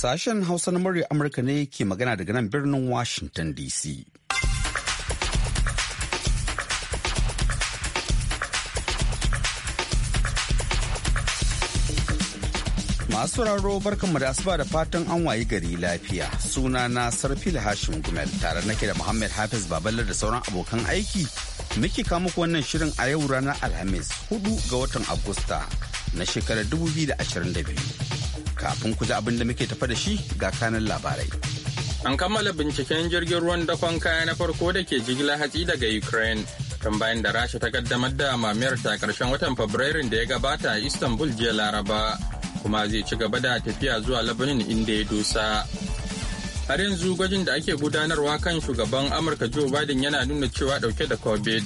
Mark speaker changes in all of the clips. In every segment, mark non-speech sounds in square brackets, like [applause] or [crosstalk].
Speaker 1: Sashen Hausa na murya Amurka ne ke magana daga nan birnin Washington DC. Masu raro barkanmu da asuba da fatan an wayi gari lafiya. Suna na Sarfil Hashim Gumel tare nake da Muhammad Hafiz Babalar da sauran abokan aiki. Muke kawo muku wannan shirin a yau ranar Alhamis 4 ga watan Agusta na shekarar 2022. Kafin ku ji abin da muke tafa da shi ga kanan labarai.
Speaker 2: An kammala binciken jirgin ruwan dakon kaya na farko da ke jigilar hatsi daga Ukraine. Tun bayan da Rasha ta kaddamar da mamayar ta karshen watan Fabrairun da ya gabata a Istanbul jiya Laraba. Kuma zai ci gaba da tafiya zuwa Labanin inda ya dosa. har yanzu gwajin da ake gudanarwa kan shugaban amurka joe biden yana nuna cewa dauke da covid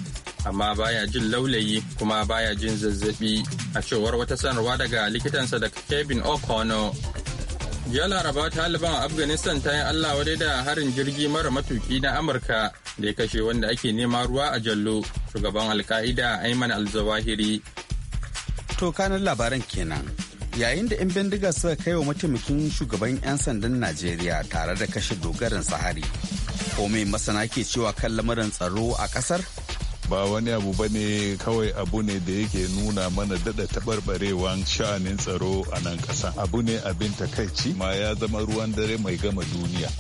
Speaker 2: amma baya jin laulayi kuma baya jin zazzabi a cewar wata sanarwa daga likitansa da Kevin O'Connor. Jiya Laraba Taliban a Afghanistan ta yi Allah wadai da harin jirgi mara matuki na Amurka da ya kashe wanda ake nema ruwa a jallo shugaban alka'ida Ayman al-Zawahiri.
Speaker 1: To kanan labaran kenan. Yayin da 'yan bindiga suka kai wa mataimakin shugaban 'yan sandan Najeriya tare da kashe dogarin sahari. Komai
Speaker 3: masana ke cewa kan lamarin tsaro a kasar. ba wani abu ba ne kawai abu ne da yake nuna mana dada taɓarɓarewan sha'anin tsaro a nan ƙasa abu ne abin takaici ma ya zama ruwan dare mai gama duniya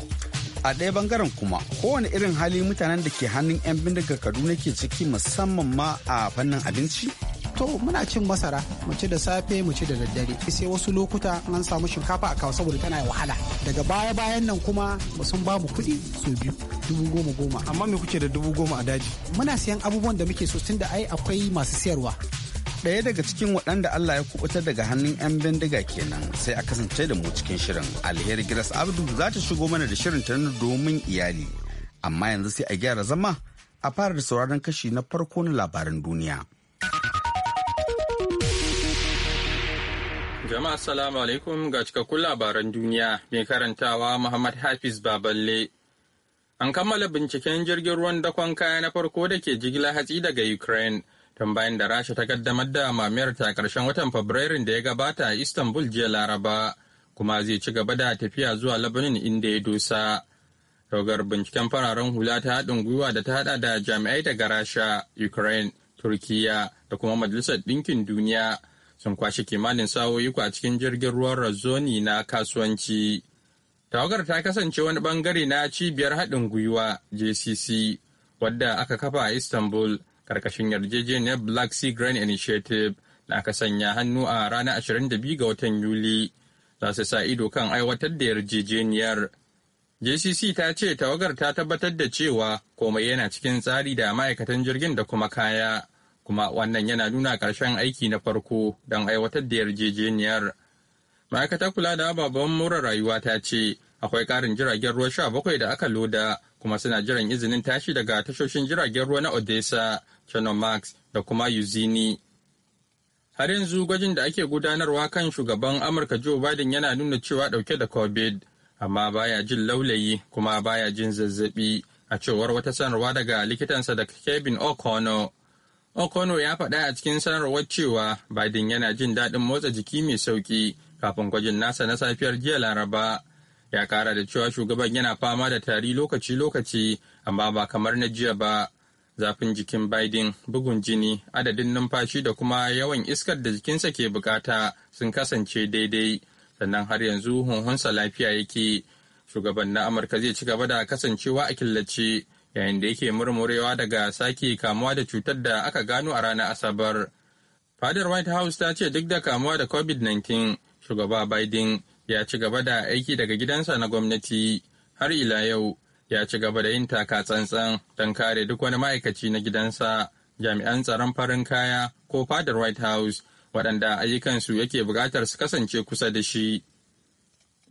Speaker 3: a ɗaya bangaren kuma kowane
Speaker 4: irin hali mutanen da ke hannun 'yan bindiga kaduna ke ciki musamman ma a fannin abinci to muna cin masara mu ci da safe mu ci da daddare sai wasu lokuta an samu shinkafa a kawo saboda tana wahala daga baya bayan nan kuma sun ba mu kuɗi su biyu dubu goma goma amma me kuke da dubu goma a daji muna siyan abubuwan da muke so tun da ai akwai masu siyarwa ɗaya daga cikin waɗanda Allah ya kubuta daga hannun 'yan bindiga kenan sai a kasance
Speaker 1: da mu cikin shirin alheri giras abdu za ta shigo mana da shirin ta domin iyali amma yanzu sai a gyara zama a fara da sauraron kashi na farko na labaran duniya
Speaker 2: jama'a salamu alaikum ga cikakkun labaran duniya mai karantawa muhammad hafiz baballe an kammala binciken jirgin ruwan dakon kaya na farko da ke jigilar hatsi daga ukraine tun bayan da rasha ta kaddamar da mamiyar ta karshen watan fabrairun da ya gabata a istanbul jiya laraba kuma zai ci gaba da tafiya zuwa labanin inda ya dosa Rogar binciken fararen hula ta haɗin gwiwa da ta haɗa da jami'ai daga rasha ukraine turkiya da kuma majalisar ɗinkin duniya sun kwashe kimanin sa'o'i a cikin jirgin ruwan razoni na kasuwanci tawagar ta kasance wani bangare na cibiyar haɗin gwiwa jcc wadda aka kafa a istanbul karkashin yarjejeniyar Black Sea Grain Initiative da aka sanya hannu a ranar 22 ga watan Yuli za su sa ido kan aiwatar da yarjejeniyar. JCC ta ce tawagar ta tabbatar da cewa komai yana cikin tsari da ma'aikatan jirgin da kuma kaya, kuma wannan yana nuna ƙarshen aiki na farko don aiwatar da yarjejeniyar. Ma'aikatar kula da ababen mura rayuwa ta ce akwai ƙarin jiragen ruwa sha bakwai da aka loda kuma suna jiran izinin tashi daga tashoshin jiragen ruwa na Odessa chonomax da kuma Yuzini. Har yanzu gwajin da ake gudanarwa kan shugaban Amurka Joe Biden yana nuna cewa dauke da COVID, amma baya jin laulayi kuma baya jin zazzabi a cewar wata sanarwa daga likitansa da Kevin O'Connor. O'Connor ya faɗa a cikin sanarwar cewa Biden yana jin daɗin motsa jiki mai sauƙi kafin gwajin nasa na safiyar jiya Laraba. Ya kara da cewa shugaban yana fama da tari lokaci-lokaci amma ba kamar na jiya ba. zafin jikin Biden, bugun jini, adadin numfashi da kuma yawan iskar da jikinsa ke bukata sun kasance daidai, sannan har yanzu hunhunsa lafiya yake. Shugaban na Amurka zai ci gaba da kasancewa a killace yayin da yake murmurewa daga sake kamuwa da cutar da aka gano a ranar Asabar. Fadar White House ta ce duk da kamuwa da COVID-19, shugaba Biden ya ci gaba da aiki daga gidansa na gwamnati har ila yau. ya ci gaba da yin taka tsantsan don kare duk wani ma'aikaci na gidansa jami'an tsaron farin kaya ko fadar white house waɗanda ayyukansu yake buƙatar su kasance kusa da shi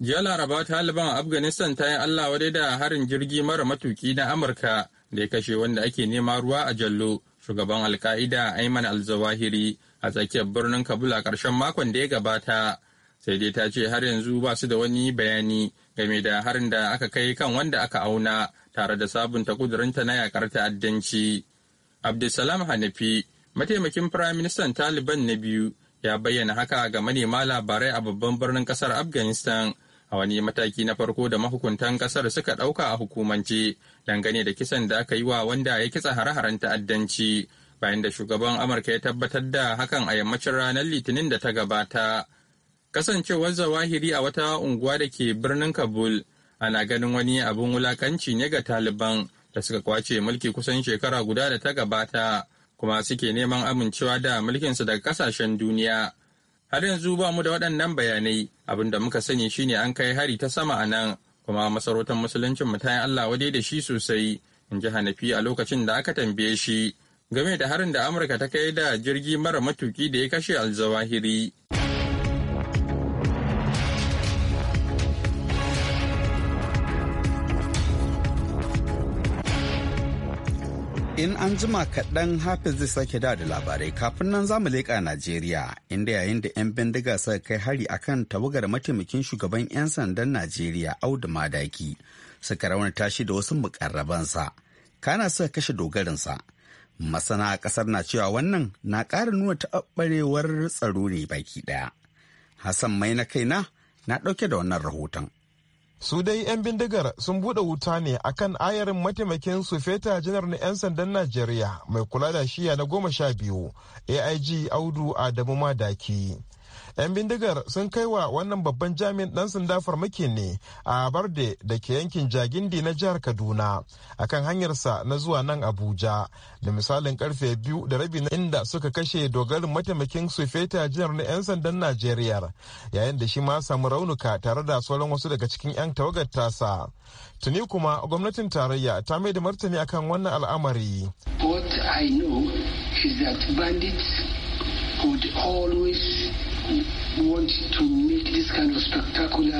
Speaker 2: jiya laraba taliban a afghanistan ta yi allah wadai da harin jirgi mara matuki na amurka da ya kashe wanda ake nema ruwa a jallo shugaban alka'ida Ayman al-zawahiri a tsakiyar birnin kabul a ƙarshen makon da ya gabata sai dai ta ce har yanzu ba su da wani bayani game da harin da aka kai kan wanda aka auna tare da sabunta kudurinta na yakar ta'addanci. Abdulsalam Hanafi, mataimakin firayim ministan Taliban na biyu, ya bayyana haka ga manema labarai a babban birnin kasar Afghanistan a wani mataki na farko da mahukuntan kasar suka ɗauka a hukumance dangane da kisan da aka yi wa wanda ya kitsa hare-haren ta'addanci bayan da shugaban Amurka ya tabbatar da hakan a yammacin ranar Litinin da ta gabata. Kasancewar zawahiri a wata unguwa da ke birnin Kabul ana ganin wani abin wulakanci ne ga Taliban da suka kwace mulki kusan shekara guda da ta gabata kuma suke neman amincewa da mulkinsu daga kasashen duniya. Har yanzu ba mu da waɗannan bayanai abin da muka sani shine an kai hari ta sama a nan kuma masarautar musuluncin mu ta yi Allah wadai da shi sosai in ji Hanafi a lokacin da aka tambaye shi game da harin da Amurka ta kai da jirgi mara matuki da ya kashe alzawahiri.
Speaker 1: in an jima kaɗan hafiz zai sake da da labarai kafin nan zamu leƙa najeriya inda yayin da 'yan bindiga suka kai hari akan tawagar mataimakin shugaban 'yan sandan najeriya audu madaki suka rauna tashi da wasu mukarrabansa kana suka kashe dogarinsa masana ƙasar na cewa wannan na ƙara nuna taɓarewar tsaro ne baki ɗaya hassan mai na kaina na ɗauke
Speaker 5: da wannan rahoton su dai 'yan bindigar sun bude wuta ne akan ayarin mataimakin su feta janar na 'yan sandan najeriya mai kula da shiya na goma sha biyu aig audu adamu madaki 'yan bindigar sun kai wa wannan babban jami'in dan sanda farmaki ne a barde da ke yankin jagindi na jihar kaduna akan hanyarsa na zuwa nan abuja da misalin karfe biyu da rabi na inda suka kashe dogarin mataimakin sufeta jihar na 'yan sandan najeriya yayin da shi ma samu raunuka tare da sauran wasu daga cikin 'yan tawagar tasa tuni kuma gwamnatin tarayya ta mai da martani akan wannan al'amari
Speaker 4: what i know is that bandits would always want to make this kind of spectacular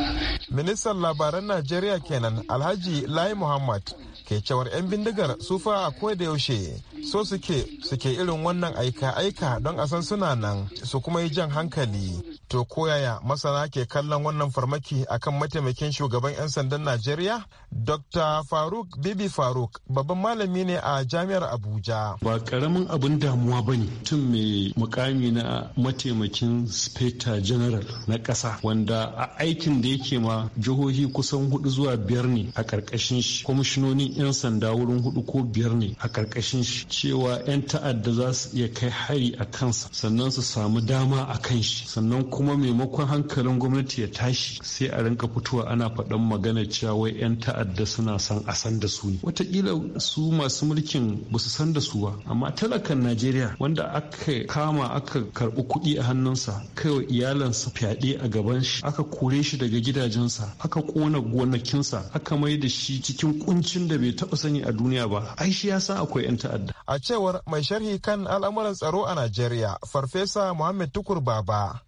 Speaker 5: ministan labaran najeriya kenan alhaji lai muhammad ke cewar 'yan bindigar sufa a da yaushe so suke suke irin wannan aika-aika don a san suna nan su kuma yi jan hankali to koyaya masana ke kallon wannan farmaki akan mataimakin shugaban 'yan sandan najeriya dr faruk bibi faruk babban malami ne a jami'ar abuja
Speaker 6: ba karamin abin damuwa ba ne tun mai mukami na mataimakin speta general na ƙasa wanda a aikin da yake ma jihohi kusan hudu zuwa biyar ne a karkashin shi kwamishinonin 'yan sanda wurin hudu ko biyar ne a karkashin shi cewa 'yan ta'adda za su iya kai hari a kansa sannan su samu dama a kan shi sannan kuma maimakon hankalin gwamnati ya tashi sai a rinka fitowa ana faɗan magana cewa wai 'yan ta'adda suna san a san da su ne watakila su masu mulkin ba su san da su ba amma talakan najeriya wanda aka kama aka karɓi kuɗi a hannunsa kaiwa iyalansa fyaɗe a gaban shi aka kore shi daga gidajen kansa aka kona gonakinsa aka mai da shi cikin kuncin da bai taba sani a duniya ba ai shi ya san akwai yan ta'adda
Speaker 5: a cewar mai sharhi kan al'amuran tsaro a Najeriya farfesa Muhammad Tukur Baba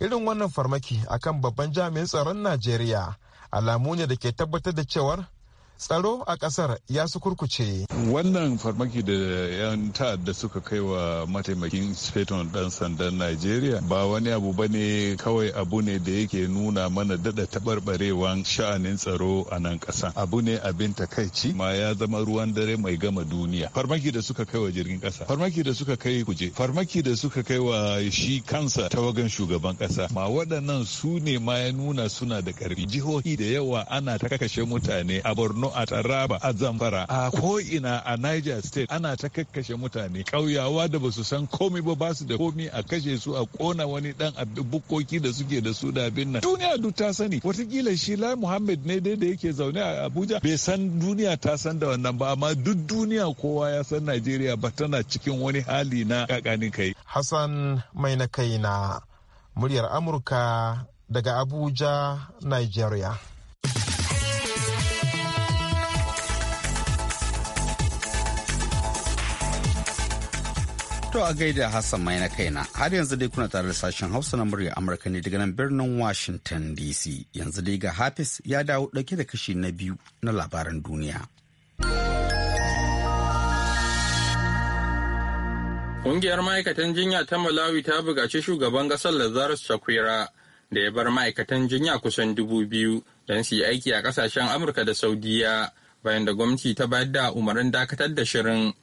Speaker 5: irin wannan farmaki akan babban jami'in tsaron Najeriya alamu ne da ke tabbatar da cewar tsaro a kasar ya su kurkuce.
Speaker 3: Wannan farmaki da 'yan ta'adda suka kai wa mataimakin feton dan sandan Najeriya ba wani abu ba ne kawai abu ne da yake nuna mana dada taɓarɓarewan sha'anin tsaro a nan ƙasa. Abu ne abin takaici ma ya zama ruwan dare mai gama duniya. Farmaki da suka kai wa jirgin ƙasa, farmaki da suka kai kuje, farmaki da suka kai wa shi kansa tawagan shugaban ƙasa. Ma waɗannan su ne ma ya nuna suna da ƙarfi. Jihohi da yawa ana ta kakashe mutane a Borno Borno a Taraba a Zamfara a ko ina a Niger State ana ta kakkashe mutane ƙauyawa da basu san komai ba su da komi a kashe su a kona wani dan bukoki da suke da su da abin nan duniya duk ta sani watakila shi Lai Muhammad ne dai da yake zaune a Abuja bai san duniya ta san da wannan ba amma duk duniya kowa ya san Najeriya ba tana cikin wani hali na kakanin kai
Speaker 5: Hassan mai na kai na muryar Amurka daga Abuja Nigeria
Speaker 1: To a gaida Hassan mai na kaina har yanzu dai kuna tare da sashen Hausa na murya Amurka ne daga nan birnin Washington DC yanzu dai ga Hafiz ya dawo dauke da kashi na biyu na labaran duniya.
Speaker 2: Ƙungiyar ma'aikatan jinya ta Malawi ta bugaci shugaban ƙasar Lazarus Chakwera da ya bar ma'aikatan jinya kusan dubu biyu don su yi aiki a ƙasashen Amurka da Saudiya bayan da gwamnati ta bayar da umarnin dakatar da shirin.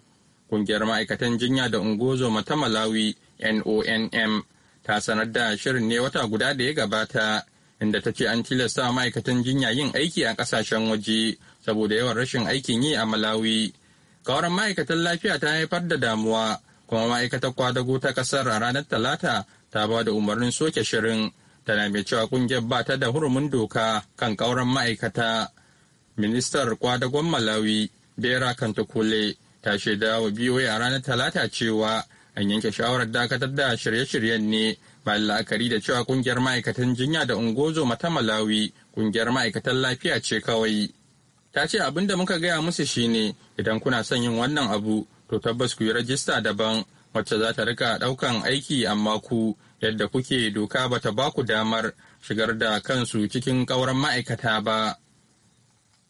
Speaker 2: Kungiyar ma'aikatan jinya da ungozoma ta Malawi NONM ta sanar da shirin ne wata guda da ya gabata inda ta ce an tilasta ma'aikatan jinya yin aiki a kasashen waje saboda yawan rashin aikin yi a Malawi. Kawaran ma'aikatan lafiya ta haifar da damuwa kuma ma'aikatar kwadago ta kasar a ranar Talata ta ba da umarnin soke shirin tana mai cewa kungiyar ba ta da hurumin doka kan kauran ma'aikata. Ministar kwadagon Malawi Bera Kantukule ta shaida wa BOA a ranar Talata cewa an yanke shawarar dakatar da shirye-shiryen ne bayan la'akari da cewa kungiyar ma'aikatan jinya da ungozo ta Malawi kungiyar ma'aikatan lafiya ce kawai. Ta ce abin da muka gaya musu shine idan kuna son yin wannan abu to tabbas ku yi rajista daban wacce za ta rika ɗaukan aiki amma ku yadda kuke doka bata ba ku damar shigar da kansu cikin ƙauran ma'aikata ba.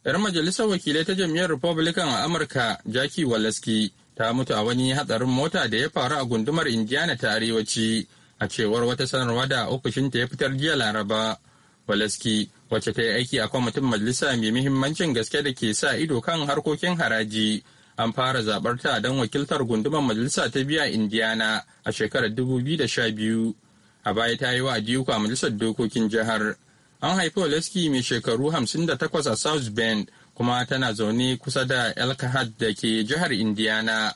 Speaker 2: 'Yar majalisar wakilai ta jam'iyyar Republican a Amurka, Jackie Walaski, ta mutu a wani hatsarin mota da ya faru a gundumar Indiana ta arewaci, a cewar wata sanarwa da ofishin ta ya fitar jiya Laraba. Walaski, wacce ta yi aiki a kwamitin majalisa mai muhimmancin gaske da ke sa ido kan harkokin haraji, an fara zaɓar ta don wakiltar gundumar majalisa ta biya Indiana a shekarar 2012. A baya ta yi wa a majalisar dokokin jihar. An haifi Oleski mai shekaru 58 a South Bend kuma tana zaune kusa da Elkhart da ke jihar Indiana.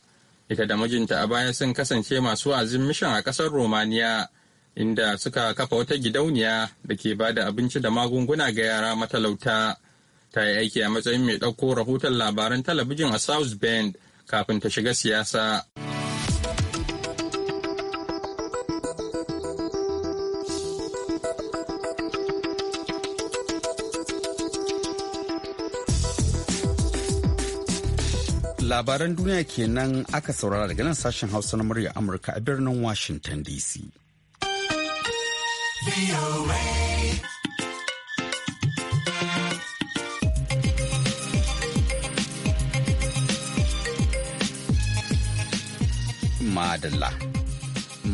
Speaker 2: Ita da mijinta a baya sun kasance masu wa'azin mishan a kasar Romania, inda suka kafa wata gidauniya da ke ba da abinci da magunguna ga yara matalauta. Ta yi aiki a matsayin mai ɗauko rahoton labaran talabijin a South Bend kafin ta shiga siyasa.
Speaker 1: labaran duniya kenan aka saurara daga nan sashen hausa na murya amurka a birnin washington dc madalla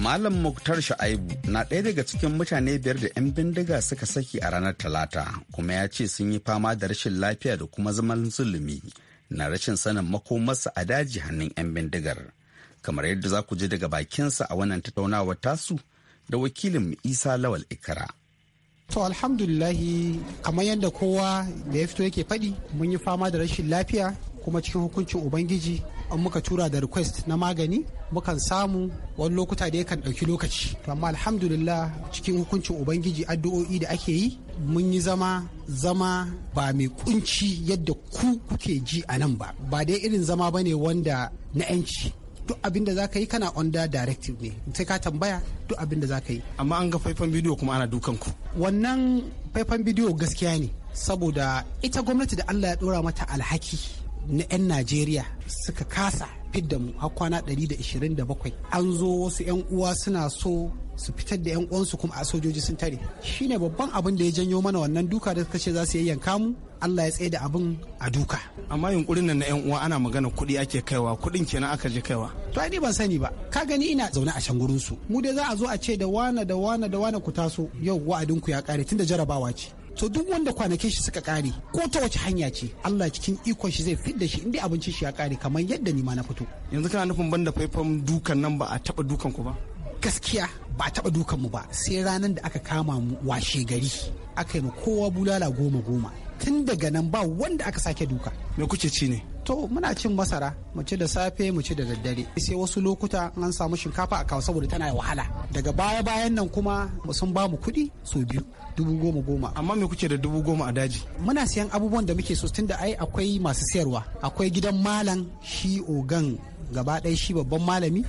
Speaker 1: Malam Muktar Sha'aibu na ɗaya daga cikin mutane biyar da 'yan bindiga suka saki a ranar Talata, kuma ya ce sun yi fama da rashin lafiya da kuma zaman zulumi na rashin sanin makomarsa a daji hannun 'yan bindigar kamar yadda za ku ji daga bakinsa a wannan tattaunawar tasu da wakilin isa lawal ikara
Speaker 4: To alhamdulillahi kamar yadda kowa da ya fito yake faɗi mun yi fama da rashin lafiya kuma cikin hukuncin ubangiji an muka tura da request na magani mukan samu wani lokuta da yakan ɗauki lokaci to amma alhamdulillah cikin hukuncin ubangiji addu'o'i da ake yi mun yi zama zama ba mai kunci yadda ku kuke ji a nan ba ba dai irin zama bane wanda na 'yanci duk abin da za ka yi kana under directive ne sai ka tambaya duk abin da za ka yi amma an ga faifan bidiyo kuma ana dukan ku wannan faifan bidiyo gaskiya ne saboda ita gwamnati da Allah ya dora mata alhaki na 'yan Najeriya suka kasa fidda mu har kwana 127 an zo wasu 'yan uwa suna so su fitar da yan uwansu kuma a sojoji sun tare shine babban abin da ya janyo mana wannan duka da suka ce za su yayyanka mu Allah ya tsaye da abin a duka amma yunkurin nan na yan uwa ana magana kuɗi ake kaiwa kuɗin kenan aka je kaiwa to ai ban sani ba ka gani ina zaune a can gurin su mu dai za a zo a ce da wana da wana da wana ku taso yau wa'adin ku ya kare tunda jarabawa ce to duk wanda kwanakin shi suka kare ko ta wace hanya ce Allah cikin ikon shi zai fidda shi inda abincin shi ya kare kamar yadda ni ma na fito yanzu kana nufin banda faifan dukan nan ba a taba dukan ku ba gaskiya ba taɓa dukan mu ba sai ranar da aka kama mu washe gari aka yi kowa bulala goma goma tun daga nan ba wanda aka sake duka me kuke ci ne to muna cin masara mu ci da safe mu ci da daddare sai wasu lokuta an samu shinkafa a kawo saboda tana da wahala daga baya bayan nan kuma sun ba mu kuɗi so biyu dubu goma goma amma me kuke da dubu goma a daji muna siyan abubuwan da muke so tun tunda ai akwai masu siyarwa akwai gidan malam shi ogan gaba ɗaya shi babban malami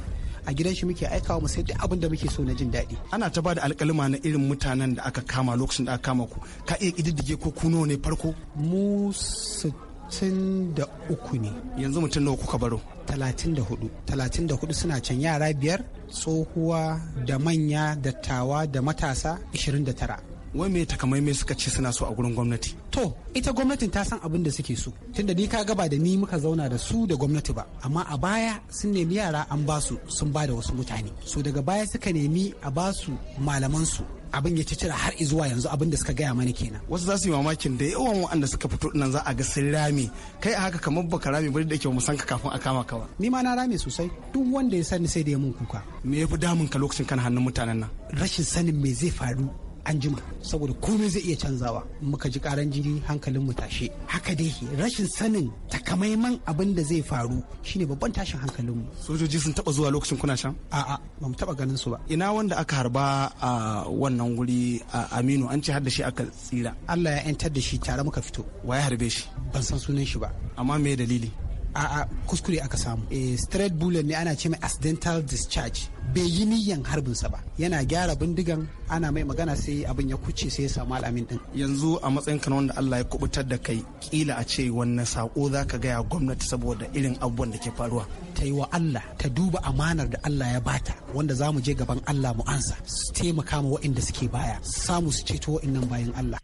Speaker 4: a gidan shi muke aikawa mu sai duk abin da muke so na jin daɗi ana ta bada alƙalima na irin mutanen da aka kama lokacin da aka kama ku ka iya ƙididdige ko kuno ne farko mu sittin da uku ne yanzu mutum nawa kuka baro talatin da hudu talatin da hudu suna can yara biyar tsohuwa da manya dattawa da matasa da tara. wai me takamaimai suka ce suna so a gurin gwamnati to ita gwamnatin ta san abin da suke so tunda ni ka gaba da ni muka zauna da su da gwamnati ba amma a baya sun nemi yara an ba su sun ba da wasu mutane so daga baya suka nemi a ba su malaman su abin ya ci cira har zuwa yanzu abin da suka gaya mana kenan wasu za su yi mamakin da yawan waɗanda suka fito nan za a ga sun rame kai a haka kamar baka rame bari da ke mu san ka kafin a kama ka ba ni ma na rame sosai duk wanda ya sani sai da ya mun kuka me fi damun ka lokacin kan hannun mutanen nan rashin sanin me zai faru an jima saboda komai zai iya canzawa muka ji karan jini hankalin mu tashe haka dai rashin sanin takamaiman abin da zai faru shine babban tashin hankalin mu sojoji sun taba zuwa lokacin kuna shan. a'a ba mu taba ganin su ba ina wanda aka harba a wannan guri a Aminu an ce har da shi aka tsira Allah ya yantar da shi tare muka fito waye harbe shi ban san sunan shi ba amma me dalili a'a kuskure aka samu eh straight bullet ne ana ce mai accidental discharge bai yi niyyan harbin sa ba yana gyara bindigan ana mai magana sai abin ya kuce sai ya samu al'amin din yanzu a matsayin kan wanda Allah ya kubutar da kai kila a ce wannan sako zaka gaya gwamnati saboda irin abubuwan da ke faruwa ta yi wa Allah ta duba amanar da Allah ya bata wanda za mu je gaban Allah mu ansa su taimaka ma waɗanda suke baya samu su ceto waɗannan bayan Allah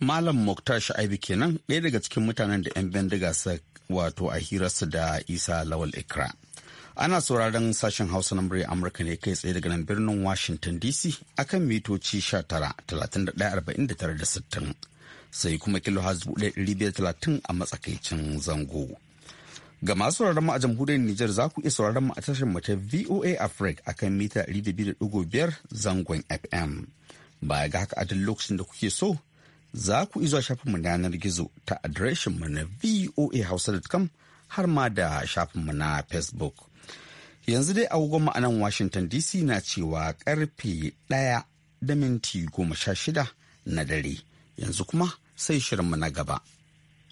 Speaker 1: Malam Muktar Sha'ibu kenan ɗaya daga cikin mutanen da 'yan bindiga su wato a hirarsu da Isa Lawal Ikra. Ana sauraron sashen Hausa na murya Amurka ne kai tsaye daga nan birnin Washington DC akan mitoci 19 sai kuma kilo talatin a matsakaicin zango. Ga masu sauraron mu a jamhuriyar Nijar za ku iya sauraron mu a tashar mu ta VOA Africa kan mita 200.5 zangon FM. Baya ga haka a duk lokacin da kuke so za ku izo shafinmu na yanar gizo ta adireshinmu na voahausa.com har ma da shafinmu na facebook yanzu dai agogonmu a nan washington dc na cewa karfe ɗaya da minti goma sha shida na dare yanzu kuma sai shirinmu na gaba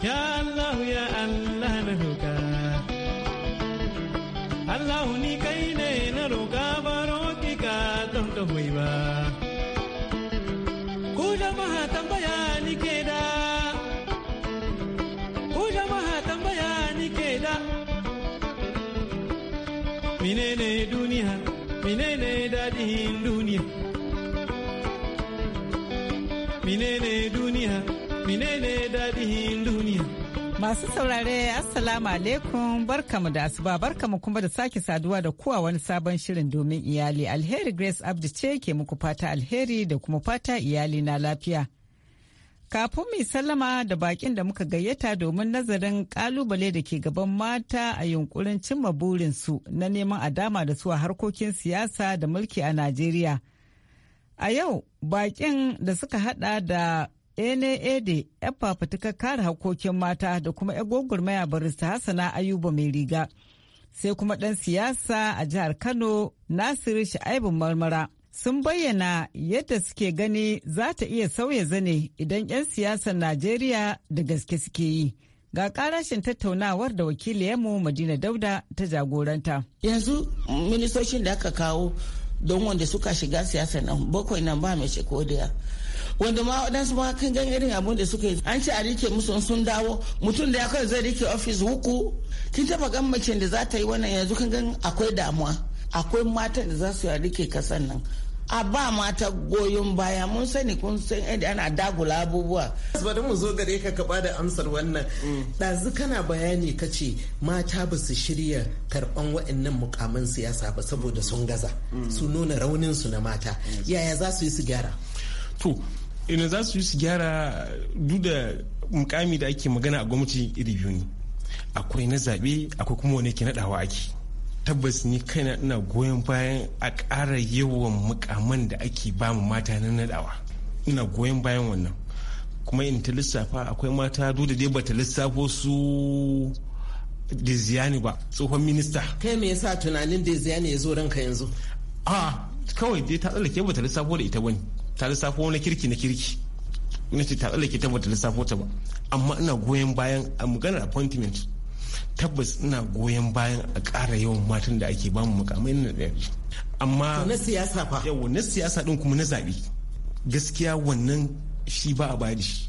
Speaker 3: ya allah ya allah
Speaker 6: na Minene duniya menene dadihin duniya minene
Speaker 7: duniya Masu saurare Assalamu alaikum barkamu da asuba barkamu kuma da sake saduwa da kuwa wani sabon shirin domin iyali alheri Grace Abdi ce ke muku fata alheri da kuma fata iyali na lafiya. Kafin mai sallama da bakin da muka gayyata domin nazarin kalubale da ke gaban mata a yunkurin cimma burinsu na neman adama da su a harkokin siyasa da mulki a Najeriya. A yau, bakin da suka hada da NAAD yan fafutukar kare harkokin mata da kuma yan gwagwarmaya barista Hassana Ayuba mai riga. Sai kuma ɗan siyasa a jihar Kano Nasiru Sha'aibin Marmara. sun bayyana yadda suke gani za ta iya sauya zane idan 'yan siyasar Najeriya da gaske suke yi. Ga karashin tattaunawar da
Speaker 8: wakiliyarmu Madina Dauda ta jagoranta. Yanzu ministocin da aka kawo don wanda suka shiga siyasar nan bakwai nan ba mai shekodaya wanda ma waɗansu ma kan gan irin abin da suka yi an ce a rike musu sun dawo mutum da ya kawai zai rike ofis huku kin taba gan mace da za ta yi wannan yanzu kan gan akwai damuwa akwai matan da za su yi rike kasan nan a ba mata goyon baya mun sani kun san yadda ana dagula
Speaker 6: abubuwa. bari mu zo gare ka kaba da amsar wannan
Speaker 9: ɗazu kana bayani ka ce mata ba su shirya karɓan wa'annan mukamin siyasa ba saboda sun gaza su nuna raunin su na mata yaya za su yi su gyara
Speaker 6: to ina za su yi su gyara duk da mukami da ake magana a gwamnati iri biyu ne akwai na zaɓe akwai kuma wani ke naɗawa ake tabbas ni kaina ina goyon bayan a ƙara yawan mukaman da ake ba mu mata na nadawa ina goyon bayan wannan kuma in ta lissafa akwai mata duk da dai bata lissafo su ziyani ba tsohon minista kai me yasa tunanin ziyani ya zo ranka yanzu a kawai dai ta tsallake bata lissafo da ita bane ta lissafo na kirki na kirki ina ce ta tsallake ta bata lissafo ta ba amma ina goyon bayan a maganar appointment tabbas ina goyon bayan a ƙara yawan matan da ake bamu mukamai na ɗaya amma na siyasa fa yawa na siyasa ɗin kuma na zaɓe gaskiya wannan shi ba a bayar shi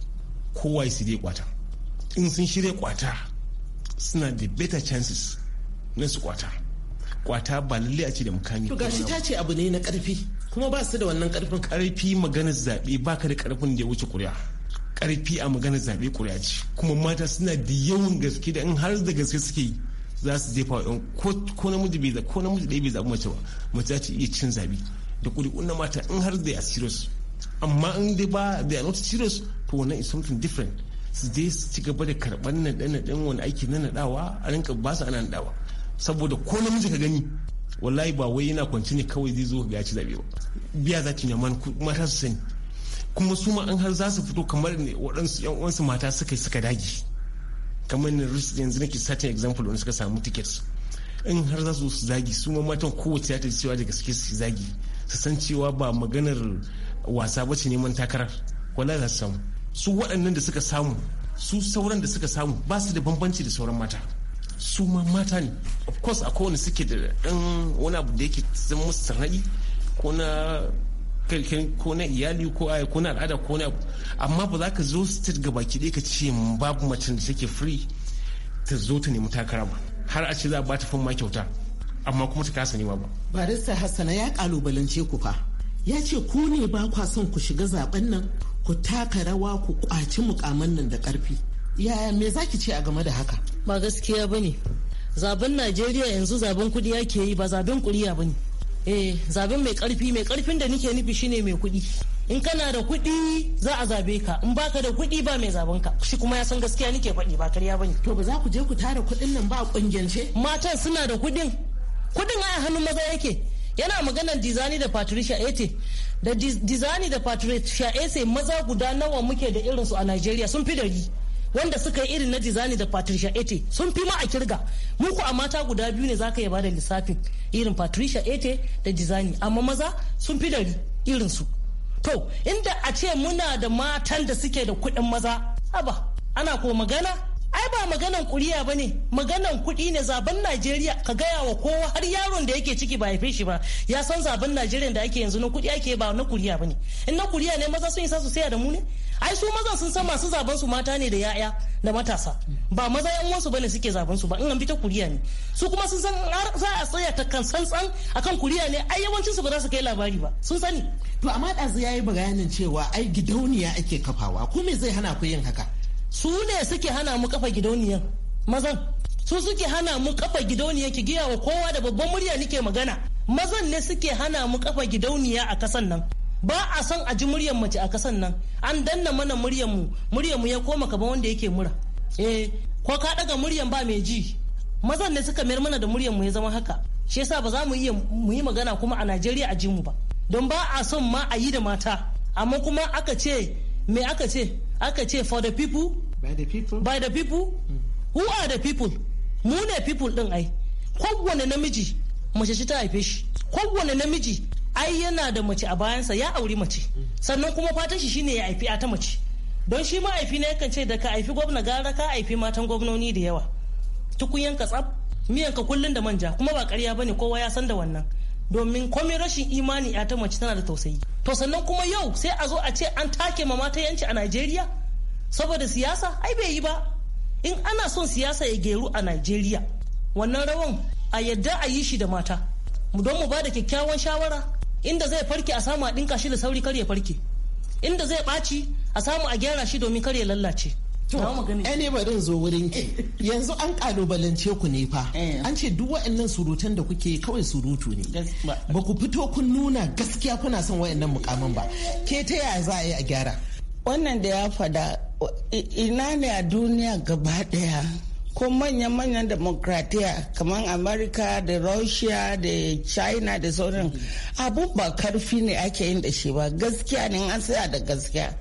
Speaker 6: kowa su dai kwata in sun shirya kwata suna da better chances na su kwata kwata ba lalle a ce da mukami to gashi ta ce abu ne na karfi kuma ba su da wannan karfin karfi maganar zaɓe baka da karfin da ya wuce kuri'a karfi a maganar zaɓe ƙuri'a ce kuma mata suna da yawan gaske da in har da gaske suke za su jefa ko namiji bai ko namiji ɗaya bai zaɓi mace ba mace za ta iya cin zaɓe da ƙuri'un na mata in har da a serious amma in dai ba da not serious to wannan is something different su je su ci gaba da karɓar naɗe ɗan wani aiki na naɗawa a rinka ba su ana naɗawa saboda ko namiji ka gani wallahi ba wai yana kwanci ne kawai zai zo ga ci zaɓe ba biya za ta mata su sani kuma su ma an har za su fito kamar ne waɗansu yan uwansu mata suka suka dage kamar ne yanzu nake satin example wanda suka samu tickets in har za su zagi su ma matan kowace ta cewa daga gaske su zagi su san cewa ba maganar wasa ba ce neman takarar wala za su samu su waɗannan da suka samu su sauran da suka samu ba su da bambanci da sauran mata su ma mata ne of course a kowane suke da ɗan wani abu da yake zama musu sarnaɗi ko na kai ko na iyali ko a ko na al'ada ko na amma ba za ka zo state gaba ki ka ce babu mace da take free ta zo ta nemi takara ba har a ce za a bata fama kyauta amma kuma ta kasa nema ba
Speaker 9: barista hassana ya kalubalance ku fa ya ce ku ne ba kwa son ku shiga zaben nan ku taka rawa ku kwaci mukaman nan da karfi yaya me zaki ce a game da haka ba gaskiya bane zaben najeriya yanzu zaben kudi ake yi ba zaben kuriya bane eh zaben mai karfi mai karfin da nike nufi shine mai kuɗi in kana da kuɗi za a zabe ka in baka da kuɗi ba mai zaben ka shi kuma ya san gaskiya nike faɗi ba karya bane to ba za ku je ku tara kuɗin nan ba a kungiyance matan suna da kuɗin kuɗin a hannun maza yake yana maganar dizani da patricia ete da dizani da patricia ete maza guda nawa muke da irinsu a najeriya sun fi dari wanda suka yi irin na Dizani da Patricia Ete sun fi ma a kirga mu a mata guda biyu ne zaka yaba bada lissafin irin Patricia Ete da Dizani amma maza sun fi dari irin su to inda a ce muna da matan da suke da kuɗin maza haba ana ko magana ai ba maganan kuriya ba ne maganan kuɗi ne zaben najeriya ka gaya wa kowa har yaron da yake ciki ba haife shi ba ya san zaben najeriya da ake yanzu na kuɗi ake ba na kuriya ba ne in na kuriya ne maza sun isa su saya da mu ne ai su mazan sun san masu zaben su mata ne da yaya da matasa ba maza yan wasu bane suke zaben su ba in an bi ta kuriya ne su kuma sun san za a tsaya ta kan san akan kuriya ne ai yawancin su ba za su kai labari ba sun sani to amma ɗazu yayi bayanin cewa ai gidauniya ake kafawa ko me zai hana ku yin haka su ne suke hana mu kafa gidauniyan mazan su suke hana mu kafa gidauniyan ki giya wa kowa da babban murya nike magana mazan ne suke hana mu kafa gidauniya a kasan nan ba a son a ji muryar mace a kasan nan an danna mana muryar mu muryar mu ya koma kaman wanda yake mura eh ko ka daga muryar ba mai ji mazan ne suka mayar mana da muryar mu ya zama haka shi yasa ba za mu iya mu yi magana kuma a Najeriya a ji mu ba don ba a son ma a yi da mata amma kuma aka ce me aka ce aka ce for the people by the people by the people who are the people mu ne people din ai kowane namiji mace shi ta haife shi kowane namiji ai yana da mace a bayansa ya auri mace sannan kuma fatan shi shine ya haifi ta mace don shi mahaifi na yakan ce da ka haifi gwamna gara ka haifi matan gwamnoni da yawa tukunyan ka tsaf miyan ka kullun da manja kuma ba ƙarya bane kowa ya san da wannan domin komai rashin imani ya ta mace tana da tausayi to sannan kuma yau sai a zo a ce an take ma mata yanci a Najeriya saboda siyasa ai bai yi ba in ana son siyasa ya geru a najeriya wannan rawan a yadda a yi shi da mata mu don mu ba da kyakkyawan shawara inda zai farke a samu a ɗinka shi da sauri kar ya farke inda zai ɓaci a samu a gyara shi domin kar ya lallace
Speaker 2: To, ne
Speaker 9: barin zo wurin ki. [laughs] Yanzu an kalubalance ku ne fa. Eh. An ce duk waɗannan surutan da kuke kawai surutu ne. Ba ku fito kun nuna gaskiya kuna son waɗannan mukamin ba. Ke ta yaya za a yi a gyara? Wannan da ya
Speaker 8: fada ina ne a duniya gaba daya ko manyan-manyan demokratiya kamar amerika da russia da china da sauran abun ba karfi ne ake yin da shi ba gaskiya ne an tsaya da gaskiya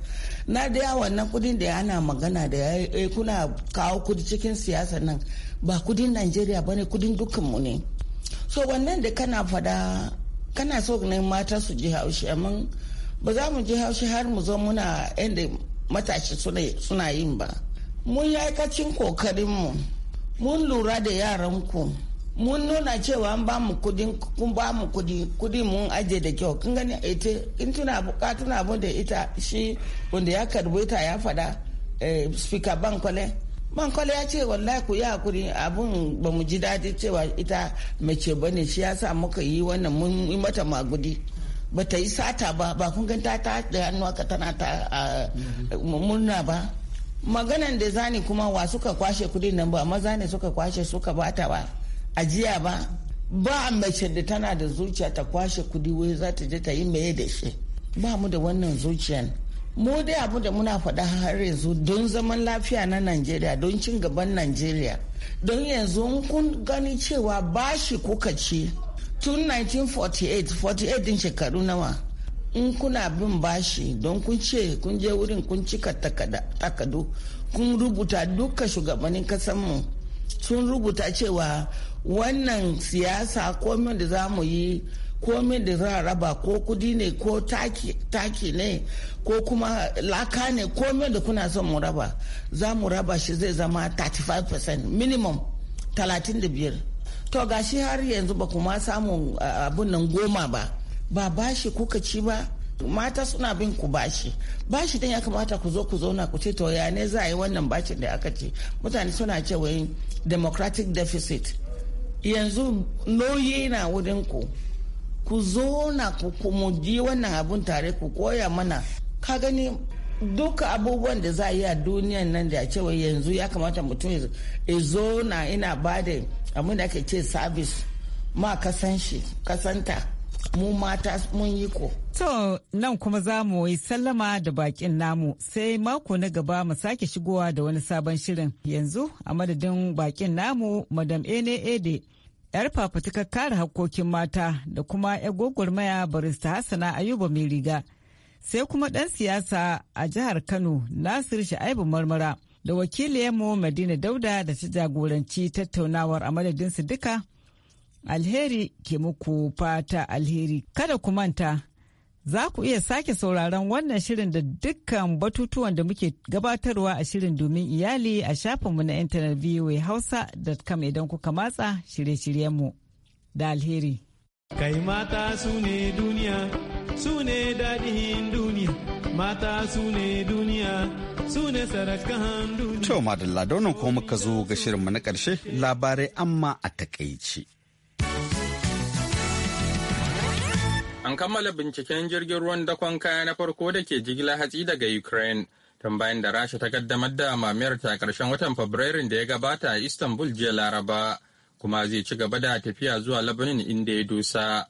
Speaker 8: na da yawa na kudin da ana magana da ya eh, kuna kawo kudi cikin siyasa nan ba kudin najeriya ba ne kudin dukkanmu ne so wannan da kana fada kana so ne mata su ji haushi amma ba za mu ji haushi har mu zo muna matashi suna yin ba mun yi kokarin mu mun lura da yaran ku mun nuna cewa an ba mu kudin kun ba mu kudi kudi mun aje da kyau kin gani ita in tuna bukatun da ita shi wanda ya karbo ta ya fada eh, speaker bankole ya ce wallahi ku yi hakuri abun ba mu ji daɗi cewa ita mace bane shi ya sa muka yi wannan mun yi mata magudi ba ta yi sata ba ba kun ganta ta da hannu aka tana ta murna ba maganan da zani kuma wa suka kwashe kudin nan ba maza ne suka kwashe suka bata ba ajiya ba ba mace da tana da zuciya ta kwashe kudi wai za ta je ta yi meye da shi ba mu da wannan zuciyan mu dai abu da muna faɗa har yanzu don zaman lafiya na najeriya don cin gaban najeriya don yanzu kun gani cewa bashi kuka ce. tun 1948 48 din shekaru nawa in kuna bin bashi don kun ce kun je wurin kun cika takadu kun rubuta duka shugabannin kasanmu sun rubuta cewa wannan siyasa komai da za mu yi komai da za raba ko kudi ne ko taki ne ko kuma laka ne komai da kuna son mu raba za mu raba shi zai zama 35% minimum 35 to gashi har yanzu ba kuma samun abun nan goma ba ba bashi kuka ci ba mata suna bin ku bashi bashi din ya kamata ku zo ku zauna ku ce to ya ne za a yi wannan bashin da aka ce mutane suna cewa democratic deficit yanzu noye na wurin ku ku zauna ku ji wannan abun tare ku koya mana ka gani duka abubuwan da za a yi a duniyan nan da ce wai yanzu ya kamata mutum ya zauna ina ba da abin da ake ce service ma kasan shi kasanta mu mata mun yi ko.
Speaker 7: To nan kuma za mu yi sallama da bakin namu sai mako na gaba mu sake shigowa da wani sabon shirin yanzu a madadin bakin namu madam ene ede yar fafutukar kare hakkokin mata da kuma ya gwagwarmaya barista hassana ayuba mai riga sai kuma ɗan siyasa a jihar kano nasir sha'ibu marmara. da wakiliyarmu Madina Dauda da ta jagoranci tattaunawar a madadinsu duka. Alheri ke muku fata alheri kada ku manta. Za ku iya sake sauraron wannan shirin da dukkan batutuwan da muke gabatarwa a shirin domin iyali a shafinmu na intanet Hausa.com idan kuka matsa shirye-shiryenmu da alheri. Kai mata su ne duniya,
Speaker 6: su ne daɗin duniya. mata su ne duniya su ne sarakan
Speaker 1: duniya. madalla da wannan kuma muka zo ga shirinmu na ƙarshe labarai amma a takaici.
Speaker 2: An kammala binciken jirgin ruwan dakon kaya na farko da ke jigila hatsi daga Ukraine. Tun bayan da Rasha ta kaddamar da mamayar ta ƙarshen watan Fabrairun da ya gabata a Istanbul jiya Laraba, kuma zai ci gaba da tafiya zuwa Lebanon inda ya dusa.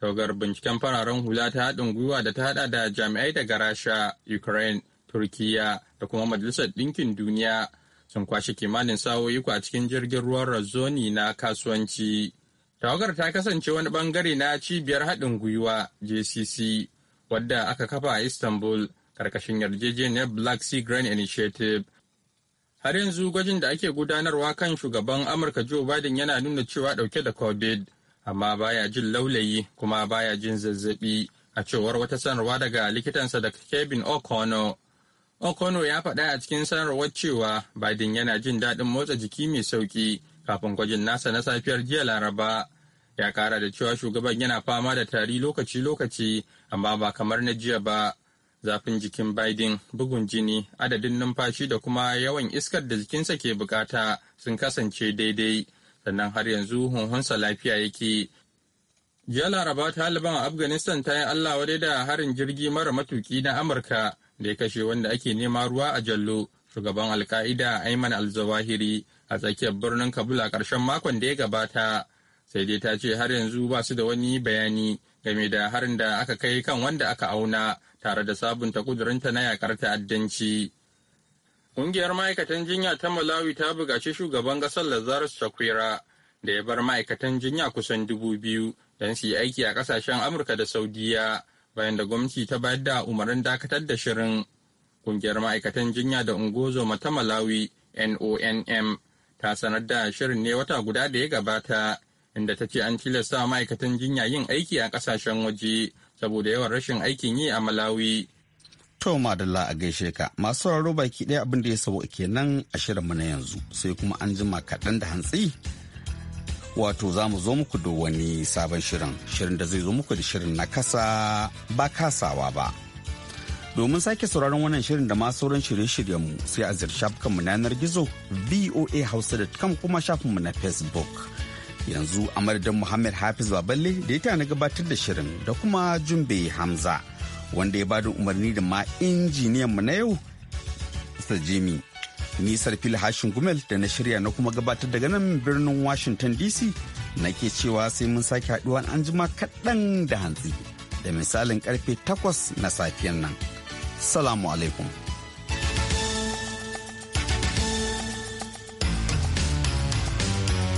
Speaker 2: Daugar binciken fararen hula ta haɗin gwiwa da ta haɗa da jami'ai daga Rasha, Ukraine, turkiyya da kuma Majalisar Ɗinkin Duniya sun kwashe kimanin sa'o'i a cikin jirgin ruwan Razzoni na kasuwanci. Tawagar ta kasance wani bangare na cibiyar haɗin gwiwa JCC wadda aka kafa a Istanbul karkashin yarjejeniyar Black Sea Grand Initiative. Har yanzu gwajin da ake gudanarwa kan shugaban Amurka Joe Biden yana nuna cewa dauke da COVID. amma baya jin laulayi kuma baya jin zazzabi a cewar wata sanarwa daga likitansa da Kevin okono okono ya faɗa a cikin sanarwar cewa Biden yana jin daɗin motsa jiki mai sauƙi kafin gwajin nasa na safiyar jiya Laraba. Ya ƙara da cewa shugaban yana fama da tari lokaci-lokaci amma ba kamar na jiya ba. Zafin jikin Biden, bugun jini, adadin numfashi da kuma yawan iskar da jikinsa ke bukata sun kasance daidai. sannan har yanzu hunhunsa lafiya yake jiya laraba taliban a afghanistan ta yi allah wadai da harin jirgi mara matuki na amurka da ya kashe wanda ake nema ruwa a jallo shugaban alka'ida ayman al-zawahiri a tsakiyar birnin kabul a ƙarshen makon da ya gabata sai dai ta ce har yanzu ba su da wani bayani game da harin da aka kai kan wanda aka auna tare da sabunta kudurinta na yakar ta'addanci. Ƙungiyar ma'aikatan jinya ta Malawi ta buƙaci shugaban ƙasar Lazarus Chakwera da ya bar ma'aikatan jinya kusan dubu biyu don su yi aiki a ƙasashen Amurka da Saudiya bayan da gwamnati ta bayar da umarnin dakatar da shirin. Ƙungiyar ma'aikatan jinya da ungozoma ta Malawi NONM ta sanar da shirin ne wata guda da ya gabata inda ta ce an tilasta ma'aikatan jinya yin aiki a ƙasashen waje saboda yawan rashin aikin yi a Malawi.
Speaker 1: To madalla a gaishe ka masu sauraro baki ɗaya abin da ya sabo kenan a shirinmu na yanzu sai kuma an jima kaɗan da hantsi wato za mu zo muku da wani sabon shirin shirin da zai zo muku da shirin na kasa ba kasawa ba domin sake sauraron wannan shirin da masu sauran shirye-shiryenmu sai a ziyarci shafukanmu na yanar gizo hausa da kan kuma shafinmu na facebook yanzu a madadin muhammad hafiz baballe da ya na gabatar da shirin da kuma jumbe hamza wanda ya bada umarni da ma injiniyan mu na yau Mr. Jimmy. Ni Sarfil Hashin Gumel da na shirya na kuma gabatar daga nan birnin Washington DC nake cewa sai mun sake haɗuwa an jima kaɗan da hantsi da misalin karfe takwas na safiyan nan. Salamu alaikum.